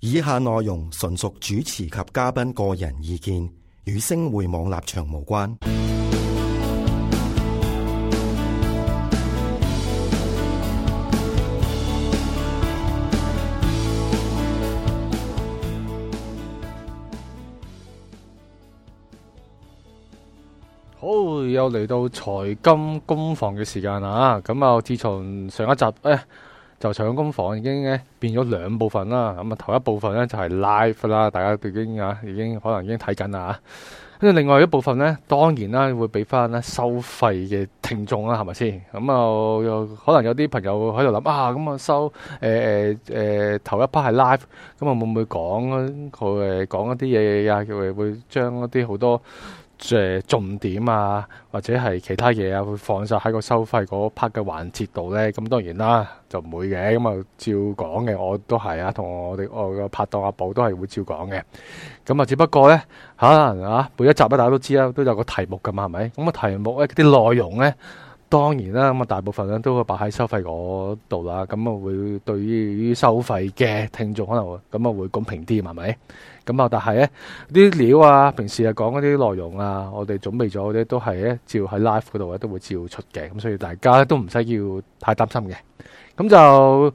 以下內容純屬主持及嘉賓個人意見，與星匯網立場無關。好，又嚟到財金工房嘅時間啦！咁啊，自從上一集誒。就財金工房已經咧變咗兩部分啦，咁啊頭一部分咧就係 live 啦，大家已經已經可能已經睇緊啦，跟住另外一部分咧當然啦會俾翻咧收費嘅聽眾啦，係咪先？咁啊又可能有啲朋友喺度諗啊，咁啊收誒誒誒頭一 part 係 live，咁啊會唔會講佢誒講一啲嘢啊？佢會將一啲好多。重點啊，或者係其他嘢啊，會放晒喺個收費嗰 part 嘅環節度咧。咁當然啦，就唔會嘅。咁啊照講嘅，我都係啊，同我哋我嘅拍檔阿寶都係會照講嘅。咁啊，只不過咧，可能啊，每一集咧大家都知啦、啊，都有個題目㗎嘛，係咪？咁啊題目咧，啲內容咧。當然啦，咁啊大部分咧都係擺喺收費嗰度啦，咁啊會對於收費嘅聽眾可能咁啊會公平啲，係咪？咁啊，但係咧啲料啊，平時啊講嗰啲內容啊，我哋準備咗嗰啲都係咧照喺 live 嗰度咧都會照出嘅，咁所以大家都唔使要太擔心嘅。咁就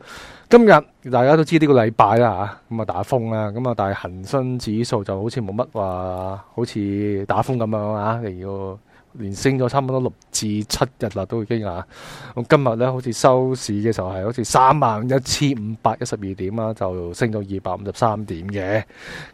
今日大家都知呢個禮拜啦、啊、嚇，咁啊打風啦、啊，咁啊但係恆生指數就好似冇乜話，好似打風咁樣嚇、啊，又要。連升咗差唔多六至七日啦，都已經啊！咁今日咧，好似收市嘅時候係好似三萬一千五百一十二點啦，就升到二百五十三點嘅。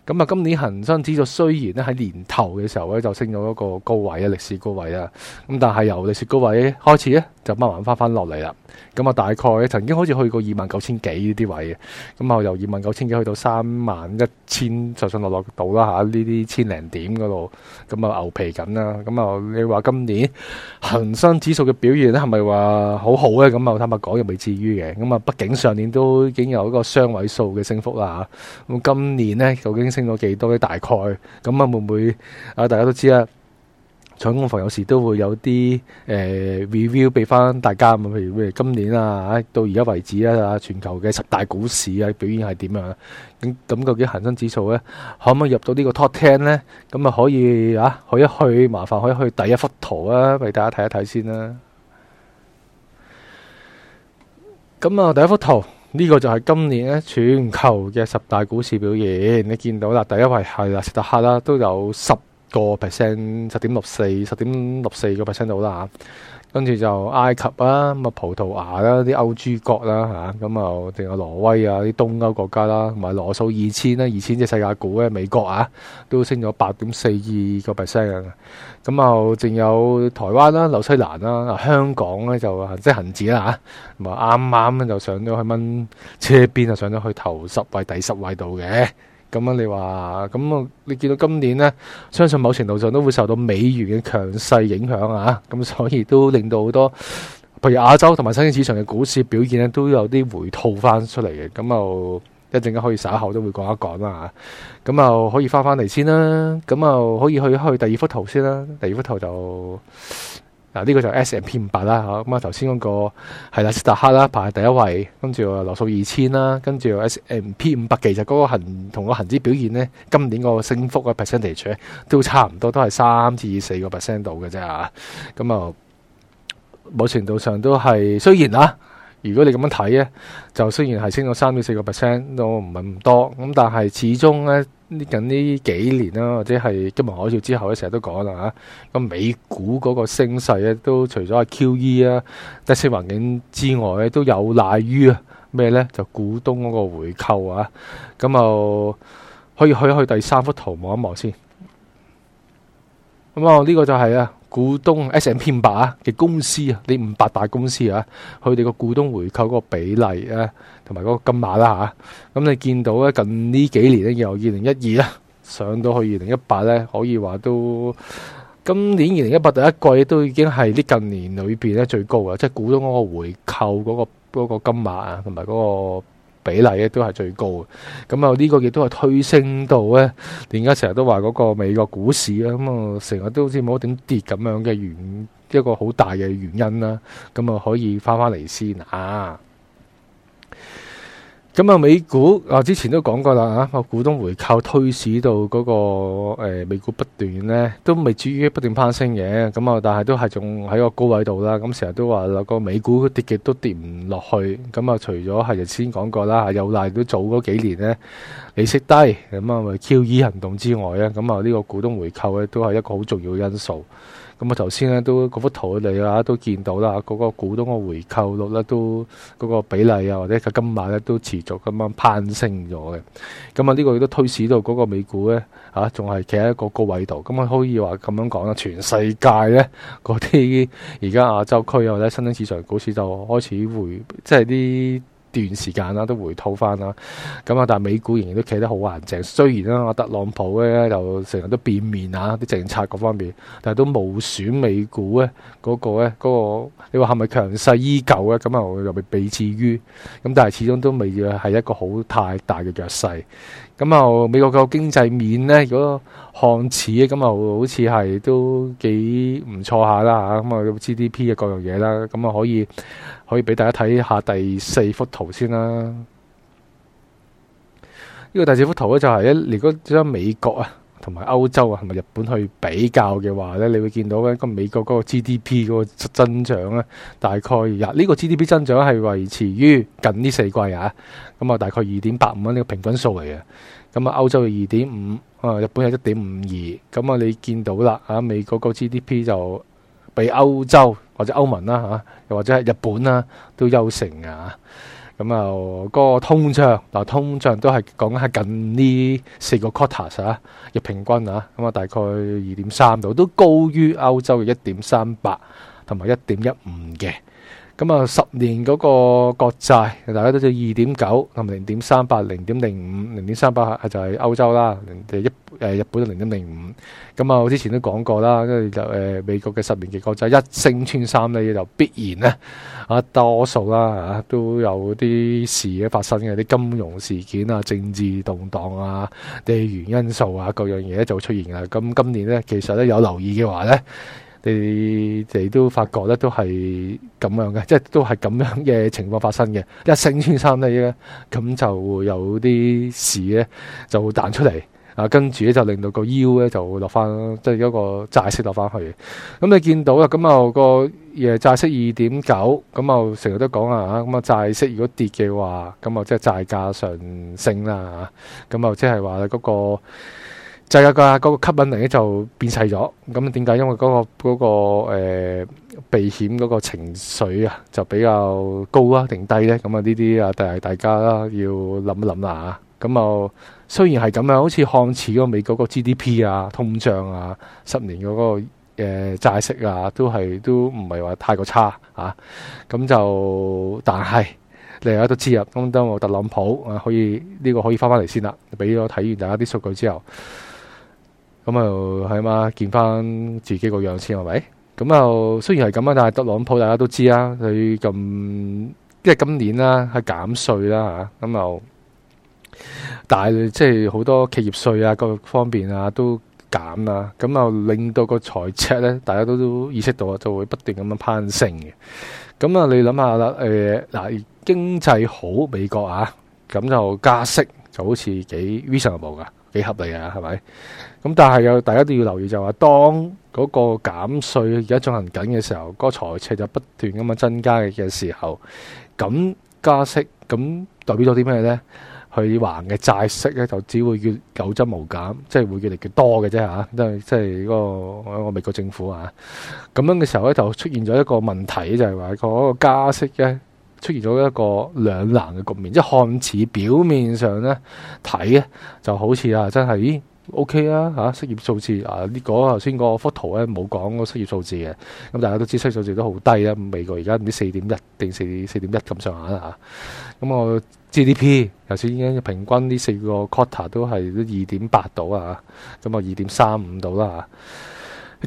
咁啊，今年恒生指數雖然咧喺年頭嘅時候咧就升咗一個高位啊，歷史高位啊。咁但係由歷史高位開始咧，就慢慢翻翻落嚟啦。咁啊，大概曾經好似去過二萬九千幾呢啲位嘅。咁啊，由二萬九千幾去到三萬一千，就算落落到啦吓，呢啲千零點嗰度。咁啊，牛皮緊啦。咁啊，話今年恒生指數嘅表現咧係咪話好好咧？咁啊，坦白講又未至於嘅。咁啊，畢竟上年都已經有一個雙位數嘅升幅啦吓。咁今年咧，究竟升咗幾多咧？大概咁啊，會唔會啊？大家都知啦。財金工房有時都會有啲、呃、review 俾翻大家咁，譬如今年啊到而家為止啦、啊，全球嘅十大股市啊表現係點樣咁、啊、咁究竟恒生指數呢？可唔可以入到呢個 top ten 呢？咁啊可以嚇可以去，麻煩可以去第一幅圖啊，俾大家睇一睇先啦、啊。咁啊，第一幅圖呢、這個就係今年呢全球嘅十大股市表現，你見到啦，第一位係納斯達克啦，都有十個 percent 十點六四，十點六四個 percent 到啦吓，跟住就埃及啦，咁啊葡萄牙啦，啲歐豬國啦吓，咁啊，仲有挪威啊，啲東歐國家啦，同埋羅素二千啦，二千隻世界股咧，美國啊都升咗八點四二個 percent，咁啊，仲有台灣啦、紐西蘭啦、香港咧就即係恒指啦吓，咁啊啱啱咧就上咗去蚊車邊啊，上咗去頭十位、第十位度嘅。咁啊，你話咁啊，你見到今年呢，相信某程度上都會受到美元嘅強勢影響啊，咁所以都令到好多，譬如亞洲同埋新興市場嘅股市表現呢都有啲回吐翻出嚟嘅，咁就一陣間可以稍後都會講一講啦，咁就可以翻翻嚟先啦，咁就可以去去第二幅圖先啦，第二幅圖就。嗱，呢個就 S&P 五百啦，吓咁啊，頭先嗰個係啦，斯達克啦排喺第一位，跟住啊羅素二千啦，跟住 S&P 五百其實嗰個恒同個恒指表現呢，今年個升幅嘅 percentage 都差唔多，都係三至四個 percent 度嘅啫咁啊，某程度上都係雖然啊，如果你咁樣睇呢，就雖然係升咗三至四個 percent，都唔係咁多，咁但係始終呢。呢近呢幾年啦，或者係金融海嘯之後咧，成日都講啦嚇，美股嗰個升勢咧，都除咗啊 QE 啊、低息環境之外咧，都有賴於啊咩咧，就股東嗰個回購啊，咁、嗯、啊可以去一去第三幅圖望一望先，咁啊呢個就係、是、啊。股東 S&P 五百啊嘅公司啊，啲五百大公司啊，佢哋個股東回購嗰個比例咧，同埋嗰個金額啦嚇，咁你見到咧，近呢幾年咧，由二零一二啦上到去二零一八咧，可以話都今年二零一八第一季都已經係呢近年裏邊咧最高嘅，即係股東嗰個回購嗰個嗰個金額啊，同埋嗰個。比例咧都係最高嘅，咁啊呢個亦都係推升到咧，而家成日都話嗰個美國股市啦，咁啊成日都好似冇點跌咁樣嘅原一個好大嘅原因啦，咁啊可以翻翻嚟先，啊咁啊，美股啊，之前都講過啦啊，個股東回購推使到嗰、那個誒、呃，美股不斷咧都未至於不斷攀升嘅，咁啊，但係都係仲喺個高位度啦。咁成日都話個美股跌極都跌唔落去。咁啊，除咗係日先講過啦，有賴都早嗰幾年咧，利息低，咁啊，咪 Q E 行動之外咧，咁啊，呢個股東回購咧都係一個好重要因素。咁我頭先咧都嗰幅圖嚟啦都見到啦，嗰、嗰個股東嘅回購率咧都嗰個比例啊或者個金額咧都持續咁樣攀升咗嘅。咁啊，呢個亦都推使到嗰個美股咧嚇，仲係企喺一個高位度。咁啊，可以話咁樣講啦，全世界咧嗰啲而家亞洲區啊或者新興市場股市就開始回，即係啲。段時間啦，都回吐翻啦，咁啊，但係美股仍然都企得好硬淨。雖然啦、啊，阿特朗普咧又成日都變面啊，啲政策各方面，但係都冇損美股咧嗰、嗰個咧嗰、嗰個、你話係咪強勢依舊咧？咁啊，又咪俾至於咁，但係始終都未係一個好太大嘅弱勢。咁啊，美國個經濟面咧，如果看似咁啊，好似係都幾唔錯下啦嚇。咁啊，GDP 嘅各樣嘢啦，咁啊，可以可以俾大家睇下第四幅圖先啦。呢個第四幅圖咧就係一嚟講將美國啊。同埋歐洲啊，同埋日本去比較嘅話呢，你會見到呢個美國嗰個 GDP 嗰個增長呢，大概廿呢、呢個 GDP 增長係維持於近呢四季啊。咁啊，大概二點八五蚊呢個平均數嚟嘅。咁啊，歐洲嘅二點五，啊日本係一點五二。咁啊，你見到啦啊，美國個 GDP 就比歐洲或者歐盟啦嚇，又或者係日本啦都優勝啊。咁啊，個通脹，嗱通脹都係講緊係近呢四個 quarter 啊，日平均啊，咁啊大概二點三度，都高於歐洲嘅一點三八同埋一點一五嘅。咁啊，十年嗰個國債，大家都知二點九同埋零點三八、零點零五、零點三八啊，就係歐洲啦，零誒日誒日本零點零五。咁啊，我之前都講過啦，跟住就誒美國嘅十年期國債一升穿三咧，就必然咧啊，多數啦嚇都有啲事嘅發生嘅，啲金融事件啊、政治動盪啊、地緣因素啊，各樣嘢咧就會出現嘅。咁今年咧，其實咧有留意嘅話咧。你哋都發覺咧，都係咁樣嘅，即係都係咁樣嘅情況發生嘅，一升穿三厘咧，咁就有啲事咧就會彈出嚟，啊，跟住咧就令到個腰咧就落翻，即係嗰個債息落翻去。咁你見到啦，咁啊個嘢債息二點九，咁啊成日都講啊，咁啊債息如果跌嘅話，咁啊即係債價上升啦，咁啊即係話嗰個。就係個個吸引力咧就變細咗。咁點解？因為嗰、嗰個嗰、嗰個嗰個呃、避險嗰個情緒啊，就比較高啊定低咧？咁啊呢啲啊，但係大家啦要諗一諗啦嚇。咁啊，雖然係咁樣，好似看似嗰個美國個 GDP 啊、通脹啊、十年嗰、嗰個誒、呃、債息啊，都係都唔係話太過差啊。咁就但係你緊都知入，咁我特朗普啊可以呢、呢個可以翻翻嚟先啦。俾我睇完大家啲數據之後。咁又係嘛？見翻自己個樣先係咪？咁又雖然係咁樣，但係特朗普大家都知啦。佢咁即係今年啦，係減稅啦吓，咁又但係即係好多企業稅啊，各方面啊都減啦，咁啊令到個財赤咧，大家都都意識到啊，就會不斷咁樣攀升嘅。咁啊，你諗下啦，誒嗱，經濟好美國啊，咁就加息就好似幾 reasonable 噶。幾合理啊？係咪？咁但係又大家都要留意，就係話當嗰個減稅而家進行緊嘅時候，嗰個財赤就不斷咁樣增加嘅時候，咁加息咁代表咗啲咩咧？去還嘅債息咧就只會越有增無減，即係會越嚟越多嘅啫嚇。即係即係嗰個我美國政府啊，咁樣嘅時候咧就出現咗一個問題，就係話嗰個加息咧。出現咗一個兩難嘅局面，即係看似表面上咧睇咧就好似、OK、啊，真係咦 OK 啊嚇，失業數字啊、這個、剛才那個呢個頭先嗰幅圖咧冇講嗰失業數字嘅，咁大家都知道失業數字都好低啦，美國而家唔知四點一定四四點一咁上下啦嚇，咁、啊、我 GDP 頭先已經平均呢四個 quarter 都係二點八度啊，咁啊二點三五度啦嚇。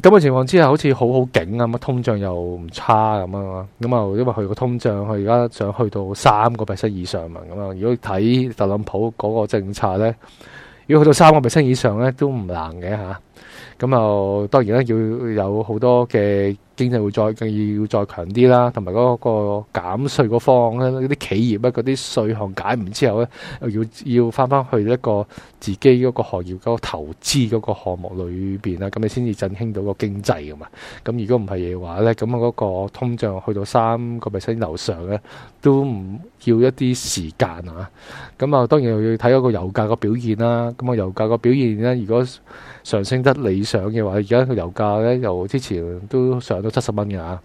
咁嘅情況之下好，好似好好景啊！乜通脹又唔差咁啊！咁啊，因為佢個通脹，佢而家想去到三個 percent 以上嘛咁啊！如果睇特朗普嗰個政策咧，如果去到三個 percent 以上咧，都唔難嘅嚇。咁啊，當然啦，要有好多嘅。經濟會再更要再強啲啦，同埋嗰個減稅嗰方咧，嗰啲企業咧嗰啲稅項減完之後咧，又要要翻翻去一個自己嗰個行業嗰、嗰個投資嗰個項目裏面啦，咁你先至振興到個經濟噶嘛。咁如果唔係嘅話咧，咁我嗰個通脹去到三個 percent 上咧，都唔要一啲時間啊。咁啊當然又要睇嗰個油價個表現啦。咁啊油價個表現咧，如果上升得理想嘅話，而家個油價咧又之前都上。到七十蚊嘅，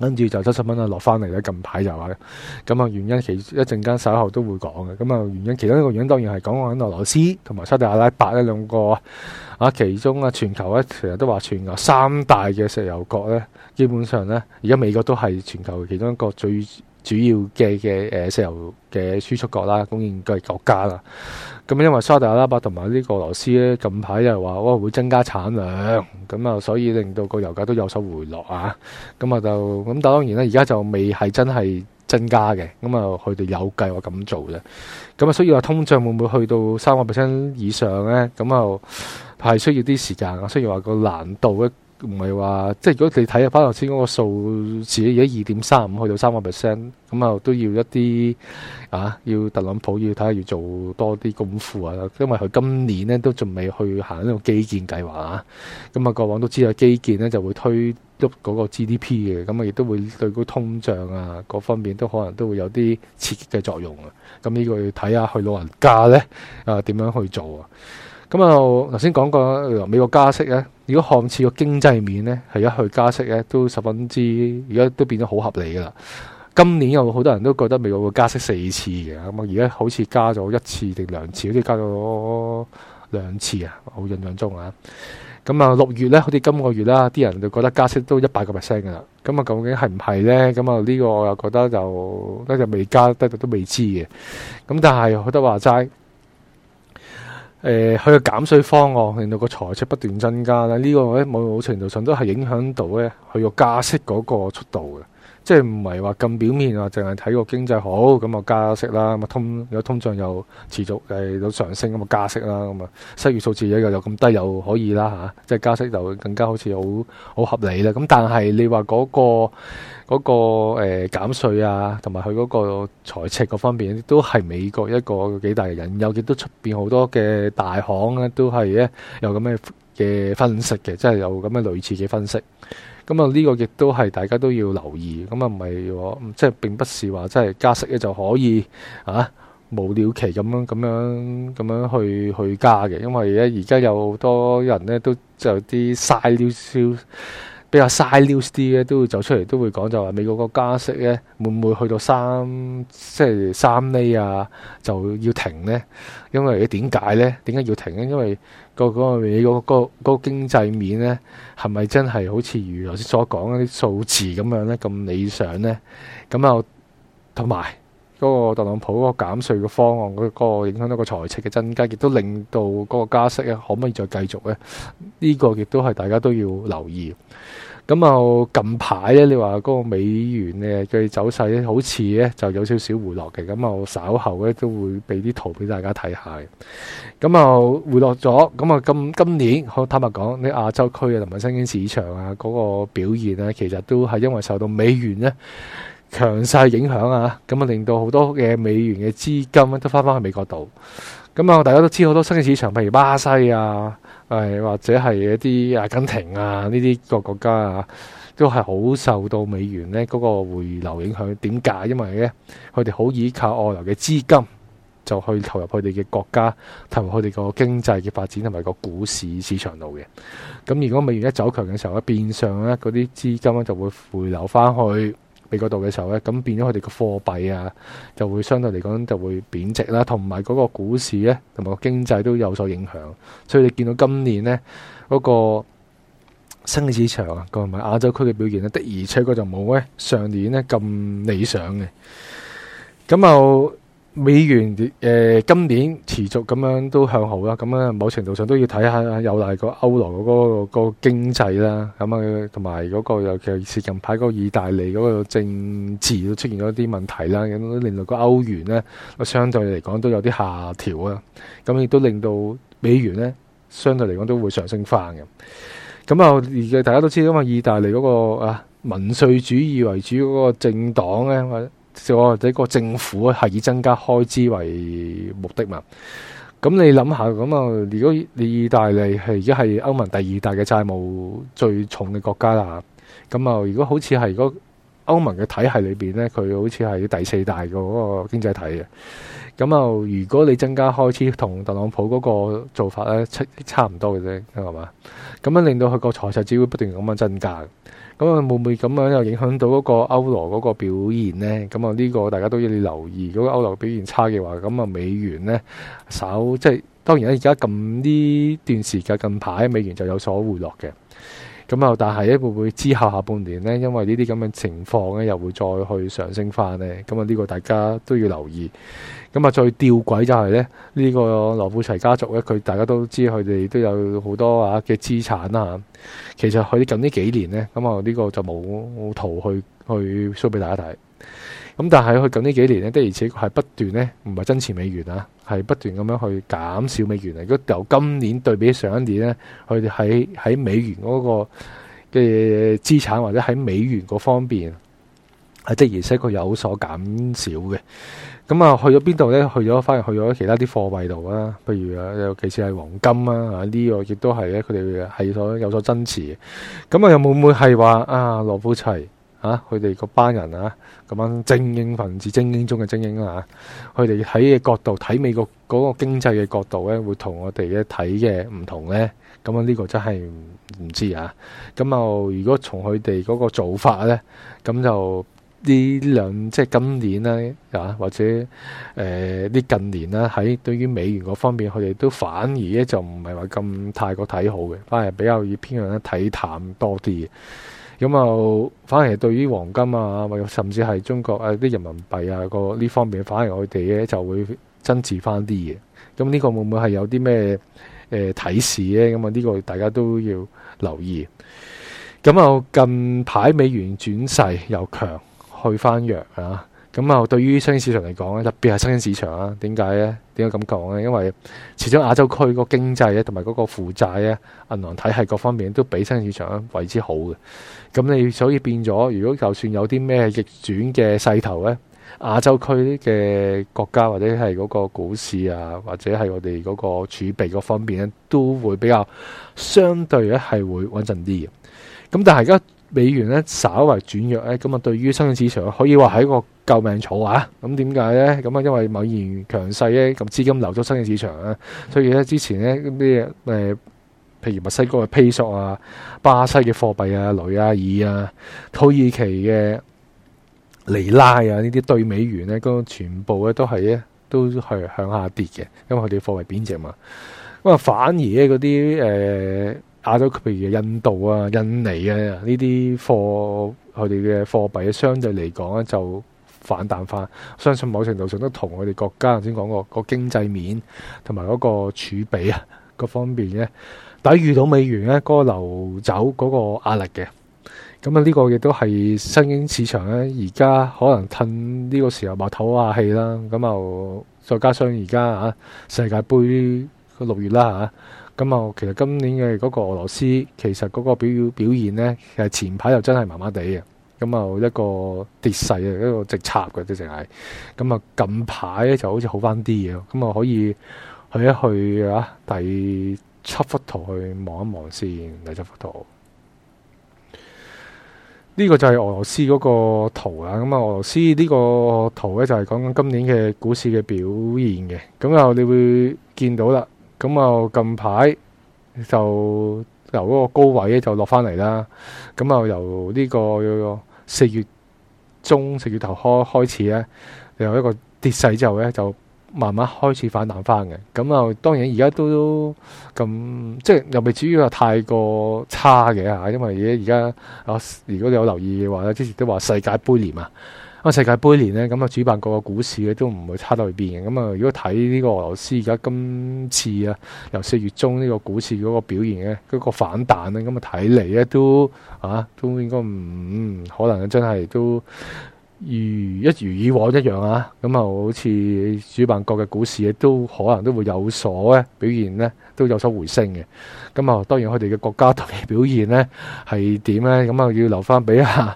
跟住就七十蚊啊落翻嚟咧。近排就啊、話，咁啊原因其一陣間稍後都會講嘅。咁啊原因，其中一個原因當然係講緊俄羅斯同埋沙特阿拉伯呢兩個啊，其中啊全球咧其實都話全球三大嘅石油國咧，基本上咧而家美國都係全球的其中一個最。主要嘅嘅誒石油嘅輸出國啦，供應嘅國家啦，咁因為沙特阿拉伯同埋呢個俄羅斯咧，近排又話哇會增加產量，咁啊所以令到個油價都有所回落啊，咁啊就咁但當然咧，而家就未係真係增加嘅，咁啊佢哋有計劃咁做嘅。咁啊所以話通脹會唔會去到三個 percent 以上咧？咁啊係需要啲時間，需要話個難度咧。唔係話，即係如果你睇下翻頭先嗰個數，自己而家二點三五去到三個 percent，咁啊都要一啲啊，要特朗普要睇下要做多啲功夫啊，因為佢今年呢都仲未去行呢個基建計劃啊，咁啊過往都知道基建呢就會推喐嗰個 GDP 嘅，咁啊亦都會對嗰通脹啊各方面都可能都會有啲刺激嘅作用啊，咁呢個要睇下佢老人家咧啊點樣去做啊。咁啊，頭先講過美國加息咧，如果看似個經濟面咧，係一去加息咧，都十分之而家都變咗好合理噶啦。今年有好多人都覺得美國會加息四次嘅，咁啊而家好似加咗一次定兩次，好似加咗兩次啊，好印象中啊。咁啊六月咧，好似今個月啦，啲人就覺得加息都一百個 percent 噶啦。咁啊，究竟係唔係咧？咁啊呢個我又覺得就咧未加，都都未知嘅。咁但係好多話齋。誒佢個減稅方案令到個財赤不斷增加啦，這個、呢個喺某程度上都係影響到咧佢個加息嗰個速度嘅。即係唔係話咁表面啊？淨係睇個經濟好咁啊，就加息啦咁啊，通有通脹又持續係有上升咁啊，就加息啦咁啊，失業數字又又咁低又可以啦、啊、即係加息就更加好似好好合理啦。咁但係你話嗰個嗰個、呃、減稅啊，同埋佢嗰個財赤嗰方面都係美國一個幾大嘅人，有亦都出邊好多嘅大行咧都係咧有咁嘅嘅分析嘅，即係有咁嘅類似嘅分析。咁啊，呢個亦都係大家都要留意，咁啊唔係即係並不是話即係加息咧就可以啊無了期咁樣咁樣咁樣去去加嘅，因為咧而家有好多人咧都有啲嘥少少。比較嘥 e 啲咧，都會走出嚟，都會講就話美國個加息咧，會唔會去到三，即係三厘啊，就要停咧？因為點解咧？點解要停咧？因為嗰個美國嗰、嗰個嗰個、經濟面咧，係咪真係好似如頭先所講嗰啲數字咁樣咧？咁理想咧？咁又同埋。嗰個特朗普嗰個減稅嘅方案，嗰、嗰個影響到個財赤嘅增加，亦都令到嗰個加息、啊、可唔可以再繼續咧？呢、呢個亦都係大家都要留意。咁啊，近排咧，你話嗰個美元嘅嘅走勢咧，好似咧就有少少回落嘅。咁啊，稍後咧都會俾啲圖俾大家睇下嘅。咁啊，回落咗，咁啊今今年，我坦白講，啲亞洲區啊同埋新興市場啊嗰、嗰個表現咧，其實都係因為受到美元咧。強勢影響啊！咁啊，令到好多嘅美元嘅資金都翻返去美國度。咁啊，大家都知好多新嘅市場，譬如巴西啊，誒或者係一啲阿根廷啊，呢啲個國家啊，都係好受到美元呢嗰個回流影響。點解？因為呢，佢哋好依靠外流嘅資金，就去投入佢哋嘅國家，同埋佢哋個經濟嘅發展，同埋個股市市場度嘅。咁如果美元一走強嘅時候咧，變相咧嗰啲資金咧就會回流翻去。嗰度嘅時候咧，咁變咗佢哋個貨幣啊，就會相對嚟講就會貶值啦，同埋嗰個股市咧，同埋個經濟都有所影響，所以你見到今年呢，嗰、那個新興市場啊，同埋亞洲區嘅表現呢，的而且確就冇咧上年呢咁理想嘅，咁又。美元誒、呃、今年持續咁樣都向好啦，咁啊某程度上都要睇下又係、嗰個歐羅嗰個個經濟啦，咁啊同埋嗰個尤其係近排嗰個意大利嗰個政治都出現咗啲問題啦，咁都令到個歐元咧，相對嚟講都有啲下調啊，咁亦都令到美元咧相對嚟講都會上升翻嘅。咁啊，而大家都知道嘛，意大利嗰、嗰個啊民粹主義為主嗰個政黨咧。我哋者個政府係以增加開支為目的嘛？咁你諗下咁啊，如果你意大利係而家係歐盟第二大嘅債務最重嘅國家啦，咁啊，如果好似係如果歐盟嘅體系裏邊呢，佢好似係第四大嘅嗰個經濟體嘅，咁啊，如果你增加開支同特朗普嗰個做法咧，差唔多嘅啫，係嘛？咁樣令到佢個財政只會不斷咁樣增加。咁啊，會唔會咁樣又影響到嗰個歐羅嗰個表現呢？咁啊，呢個大家都要留意。如果歐羅表現差嘅話，咁啊，美元呢稍，即係當然啦。而家近呢段時間，近排美元就有所回落嘅。咁啊，但係會唔會之後下半年呢？因為呢啲咁嘅情況咧，又會再去上升翻呢。咁啊，呢個大家都要留意。咁啊，再吊詭就係咧，呢個羅富齊家族咧，佢大家都知，佢哋都有好多啊嘅資產啦，其實佢近呢幾年呢，咁啊呢個就冇圖去去 show 俾大家睇。咁但係佢近呢幾年呢，的而且確係不斷呢，唔係增持美元啊，係不斷咁樣去減少美元啊。如果由今年對比上一年呢，佢哋喺喺美元嗰個嘅資產或者喺美元嗰方面，係的而且確有所減少嘅。咁啊，去咗邊度呢？去咗反而去咗其他啲貨幣度啊，譬如啊，尤其是係黃金啊，呢個亦都係咧，佢哋係所有所增持嘅。咁啊，有冇會係話啊羅富齊？啊！佢哋嗰班人啊，咁樣精英分子、精英中嘅精英啦、啊、吓，佢哋睇嘅角度、睇美國嗰個經濟嘅角度咧，會同我哋嘅睇嘅唔同咧。咁啊，呢個真係唔知啊。咁又如果從佢哋嗰個做法咧，咁就呢兩即係今年啦，啊或者誒啲、呃、近年啦，喺對於美元嗰方面，佢哋都反而咧就唔係話咁太過睇好嘅，反而比較以偏向一睇淡多啲嘅。咁又反而係對於黃金啊，甚至係中國啊啲人民幣啊、個呢方面，反而我哋咧就會增持翻啲嘢。咁呢個會唔會係有啲咩誒提示咧？咁、呃、啊，呢個大家都要留意。咁又近排美元轉勢又強，去翻弱啊！咁又對於新興市場嚟講咧，特別係新興市場啊，點解咧？點解咁講呢？因為始終亞洲區嗰經濟咧，同埋嗰個負債咧、銀行體系各方面都比新市場咧為之好嘅。咁你所以變咗，如果就算有啲咩逆轉嘅勢頭咧，亞洲區嘅國家或者係嗰個股市啊，或者係我哋嗰個儲備嗰方面咧，都會比較相對咧係會穩陣啲嘅。咁但係而家，美元咧稍為轉弱咧，咁啊對於新興市場可以話係一個救命草啊！咁點解咧？咁啊因為美元強勢咧，咁資金流咗新興市場啊，所以咧之前咧啲誒，譬如墨西哥嘅披索啊、巴西嘅貨幣啊、雷亞爾啊、土耳其嘅尼拉啊，呢啲對美元咧，嗰全部咧都係咧都係向下跌嘅，因為佢哋貨幣貶值嘛。咁啊，反而咧嗰啲誒。呃亞洲譬如印度啊、印尼啊呢啲貨，佢哋嘅貨幣相對嚟講咧就反彈翻，相信某程度上都同我哋國家頭先講過個經濟面同埋嗰個儲備啊各方面咧抵禦到美元咧嗰個流走嗰個壓力嘅。咁啊，呢個亦都係新興市場咧，而家可能趁呢個時候話唞下氣啦。咁又再加上而家啊世界盃六月啦、啊、嚇。咁啊，其實今年嘅嗰個俄羅斯其，其實嗰個表表現呢，其實前排又真係麻麻地嘅。咁啊，一個跌勢啊，一個直插嘅都淨係。咁啊，近排咧就好似好翻啲嘅，咁啊可以去一去啊，第七幅圖去望一望先。第七幅圖，呢個就係俄羅斯嗰個圖啊。咁啊，俄羅斯呢個圖呢，就係講緊今年嘅股市嘅表現嘅。咁啊，你會見到啦。咁啊，近排就由嗰個高位咧就落翻嚟啦。咁啊，由呢個四月中四月頭開開始咧，又有一個跌勢之後咧，就慢慢開始反彈翻嘅。咁啊，當然而家都咁，即係又未至於話太過差嘅吓，因為而家啊，如果你有留意嘅話咧，之前都話世界盃年啊。世界盃年呢，咁啊，主辦國嘅股市咧都唔會差到去邊嘅。咁啊，如果睇呢個俄羅斯而家今次啊，由四月中呢個股市嗰個表現咧，嗰、嗰個反彈咧，咁啊，睇嚟咧都啊，都應該唔、嗯、可能真係都如一如以往一樣啊。咁啊，好似主辦國嘅股市亦都可能都會有所咧表現呢，都有所回升嘅。咁啊，當然佢哋嘅國家隊嘅表現是呢係點咧？咁啊，要留翻俾啊。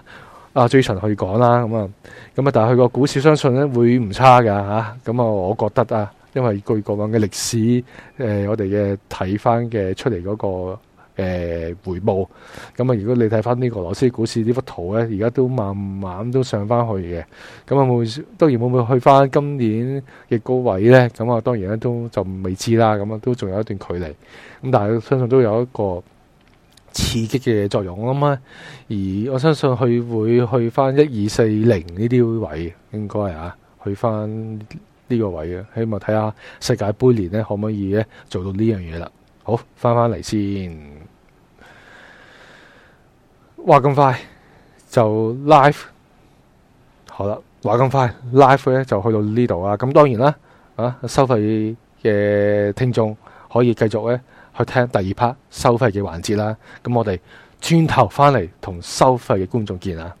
啊，追常去講啦，咁啊，咁啊，但係佢個股市相信咧會唔差㗎。咁啊，我覺得啊，因為據過往嘅歷史，誒、呃，我哋嘅睇翻嘅出嚟嗰個、呃、回報，咁啊，如果你睇翻呢個俄羅斯股市呢幅圖咧，而家都慢慢都上翻去嘅，咁啊，當然會唔會去翻今年嘅高位咧？咁啊，當然咧都就未知啦，咁啊，都仲有一段距離，咁但係相信都有一個刺激嘅作用，我諗咧，而我相信佢會去翻一二四零呢啲位，應該啊，去翻呢個位嘅，希望睇下世界盃年呢，可唔可以咧做到呢樣嘢啦。好，翻翻嚟先。哇，咁快就 live，好啦，話咁快 live 咧就去到呢度啊。咁當然啦，啊，收費嘅聽眾可以繼續咧。去聽第二 part 收費嘅環節啦，咁我哋轉頭翻嚟，同收費嘅觀眾見啊！